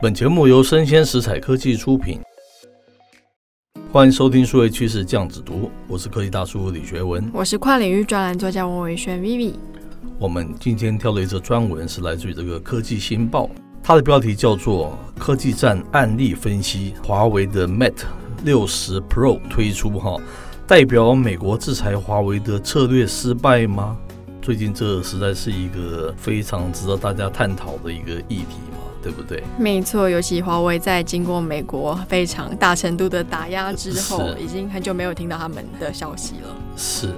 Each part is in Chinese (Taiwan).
本節目由聲鮮時采科技出品，歡迎收聽《數位趨勢醬子讀》，我是科技大叔李學文，我是跨領域專欄作家王偉軒 Vivi。我們今天挑的一則專文是來自於這個《科技新報》，它的標題叫做《科技戰案例分析：華為的 Mate 六十 Pro 推出，哈，代表美國制裁華為的策略失敗嗎？》最近這實在是一個非常值得大家探討的一個議題嘛。對不對？沒錯，尤其華為在經過美國非常大程度的打壓之後，是已經很久沒有聽到他們的消息了。是，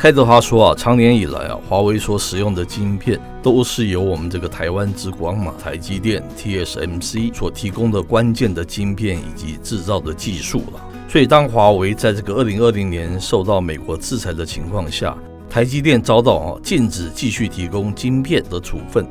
凱德華說啊，長年以來啊，華為所使用的晶片都是由我們這個台灣之光嘛，台積電 TSMC 所提供的關鍵的晶片以及製造的技術了啊。所以當華為在這個二零二零年受到美國制裁的情況下，台積電遭到啊禁止繼續提供晶片的處分。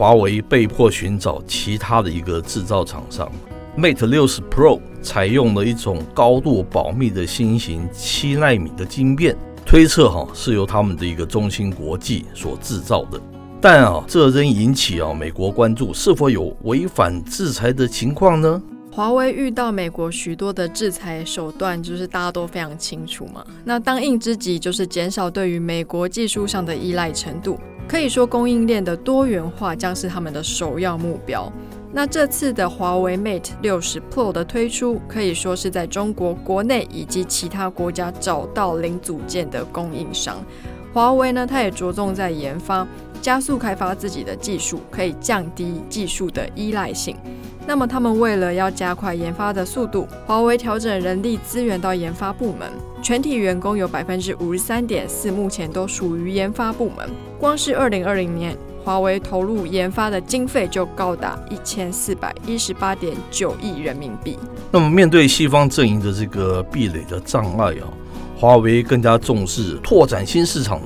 華為被迫尋找其他的一個製造廠商。Mate 60 Pro 採用了一種高度保密的新型七奈米的晶片，推測哈是由他們的一個中芯國際所製造的。但啊，這仍引起啊美國關注是否有違反制裁的情況呢？華為遇到美國許多的制裁手段，就是大家都非常清楚嘛。那當務之急就是減少對於美國技術上的依賴程度。可以說，供應鏈的多元化將是他們的首要目標。那這次的華為 Mate 60 Pro 的推出，可以說是在中國國內以及其他國家找到零組件的供應商。華為呢，它也着重在研發。加速開發自己的技術，可以降低技術的依賴性。那麼，他們為了要加快研發的速度，華為調整人力資源到研發部門，全體員工有百分之五十三點四目前都屬於研發部門。光是二零二零年，華為投入研發的經費就高達一千四百一十八點九億人民幣。那麼，面對西方陣營的這個壁壘的障礙啊，華為更加重視拓展新市場。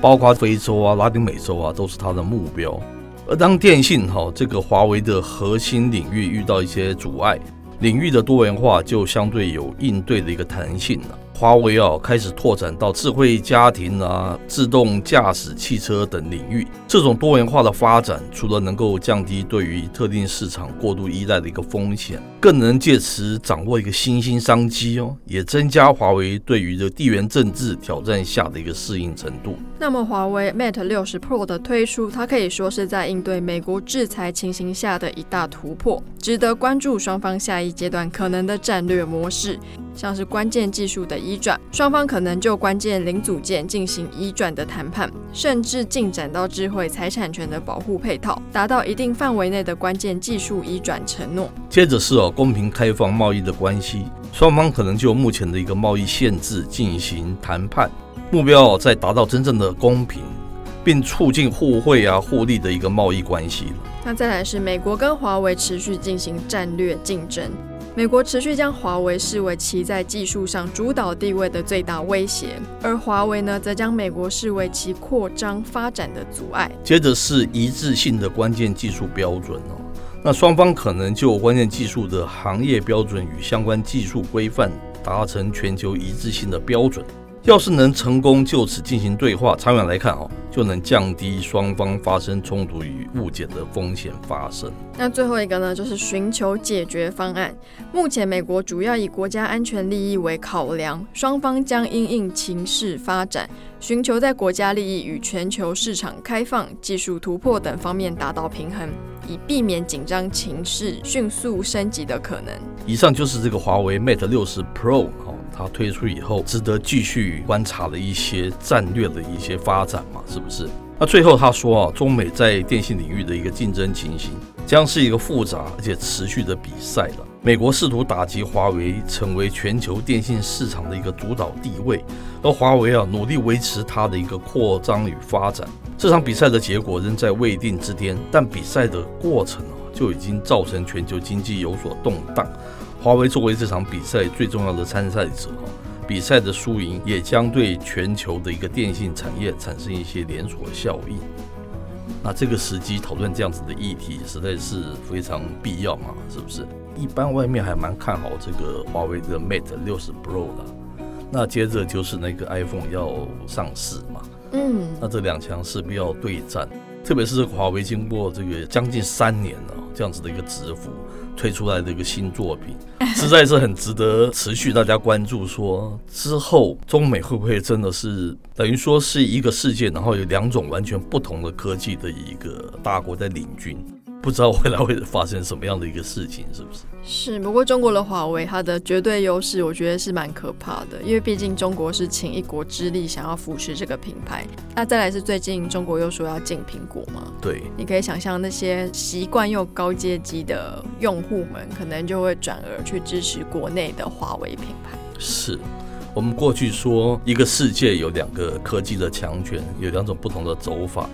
包括非洲啊、拉丁美洲啊，都是它的目標。而當電信哈、啊、這個華為的核心領域遇到一些阻礙，領域的多元化就相對有應對的一個彈性了、啊。華為啊、哦，開始拓展到智慧家庭啊、自動駕駛、汽車等領域。這種多元化的發展，除了能夠降低對於特定市場過度依賴的一個風險，更能借此掌握一個新興商機哦，也增加華為對於這地緣政治挑戰下的一個適應程度。那麼，華為 Mate 60 Pro 的推出，它可以說是在應對美國制裁情形下的一大突破，值得關注雙方下一階段可能的戰略模式。像是關鍵技術的移轉，雙方可能就關鍵零組件進行移轉的談判，甚至進展到智慧財產權的保護配套，達到一定範圍內的關鍵技術移轉承諾。接着是哦公平開放貿易的關係，雙方可能就目前的一個貿易限制進行談判，目標在達到真正的公平，並促進互惠啊互利的一個貿易關係了。那再來是美國跟華為持續進行戰略競爭。美國持續將華為視為其在技術上主導地位的最大威脅，而華為呢，則將美國視為其擴張發展的阻礙。接着是一致性的關鍵技術標準哦，那雙方可能就關鍵技術的行業標準與相關技術規範達成全球一致性的標準。要是能成功就此進行對話，長遠來看哦，就能降低雙方發生衝突與誤解的風險發生。那最後一個呢，就是尋求解決方案。目前美國主要以國家安全利益為考量，雙方將因應情勢發展，尋求在國家利益與全球市場開放、技術突破等方面達到平衡，以避免緊張情勢迅速升級的可能。以上就是這個華為 Mate 60 Pro。他推出以後，值得繼續觀察的一些戰略的一些發展嘛，是不是？那最後他說啊，中美在電信領域的一個競爭情形，將是一個複雜而且持續的比賽了。美國試圖打擊華為，成為全球電信市場的一個主導地位，而華為啊，努力維持它的一個擴張與發展。這場比賽的結果仍在未定之天，但比賽的過程啊，就已經造成全球經濟有所動盪。華為作為這場比賽最重要的參賽者哦，比賽的輸贏也將對全球的一個電信產業產生一些連鎖效應。那這個時機討論這樣子的議題，實在是非常必要嘛，是不是？一般外面還蠻看好這個華為的 Mate 60 Pro 的。那接着就是那個 iPhone 要上市嘛，嗯，那這兩強勢必要對戰。特別是華為經過這個將近三年了，這樣子的一個蟄伏，推出來的一個新作品，實在是很值得持續大家關注。說之後中美會不會真的是等於說是一個世界，然後有兩種完全不同的科技的一個大國在領軍？不知道未來會發生什麼樣的一個事情，是不是？是，不過中國的華為，它的絕對優勢，我覺得是蠻可怕的，因為畢竟中國是傾一國之力想要扶持這個品牌。那再來是最近中國又說要禁蘋果嘛。對。你可以想象那些習慣又高階機的用戶們，可能就會轉而去支持國內的華為品牌。是，我們過去說一個世界有兩個科技的強權，有兩種不同的走法。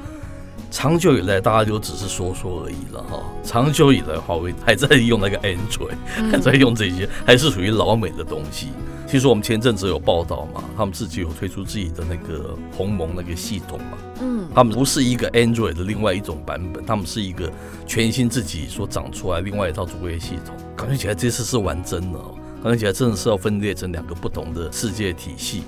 長久以來，大家就只是說說而已了哈、哦。長久以來，華為還在用那個 Android，還在用這些，還是屬於老美的東西。其實我們前陣子有報道嘛，他們自己有推出自己的那個鴻蒙那個系統嘛。嗯，他們不是一個 Android 的另外一種版本，他們是一個全新自己所長出來另外一套作業系統。感覺起來這次是玩真的、哦，感覺起來真的是要分裂成兩個不同的世界體系。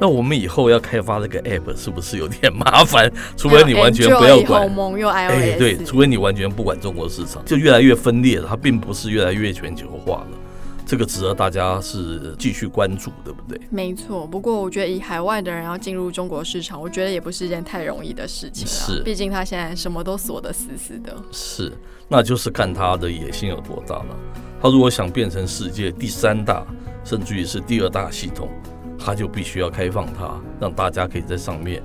那我們以後要開發這個 app 是不是有點麻煩？除非你完全不要管，Android 哎，對，除非你完全不管中國市場，就越來越分裂了。它並不是越來越全球化了，這個值得大家是繼續關注，對不對？沒錯。不過我覺得，以海外的人要進入中國市場，我覺得也不是一件太容易的事情啊。是，畢竟他現在什麼都鎖得死死的。是，那就是看他的野心有多大了。他如果想變成世界第三大，甚至於是第二大系統。他就必須要開放它，讓大家可以在上面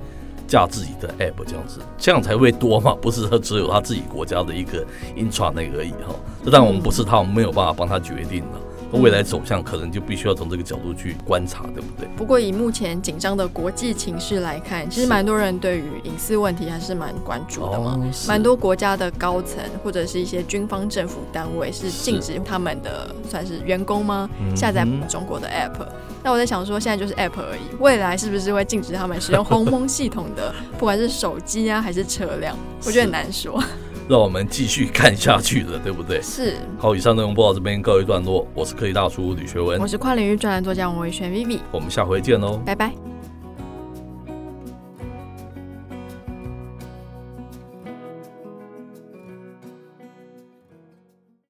架自己的 app，這樣子，這樣才會多嘛，不是說只有他自己國家的一個 intranet 而已哈、哦。這但我們不是他，我們沒有辦法幫他決定的。未來走向可能就必須要從這個角度去觀察，對不對？不過以目前緊張的國際情勢來看，是其實蠻多人對於隱私問題還是蠻關注的嘛。Oh, 是蠻多國家的高層或者是一些軍方政府單位是禁止他們的是算是員工嗎、嗯、哼下載中國的 app。那我在想說，現在就是 app 而已，未來是不是會禁止他們使用鴻蒙系統的， 不管是手機啊還是車輛？我覺得很難說。讓我們繼續看下去了，對不對？是。好，以上內容播到這邊告一段落。我是科技大叔李學文，我是跨領域專欄作家王薇瑄 Vivi。我，v v 我們下回見嘍，拜拜。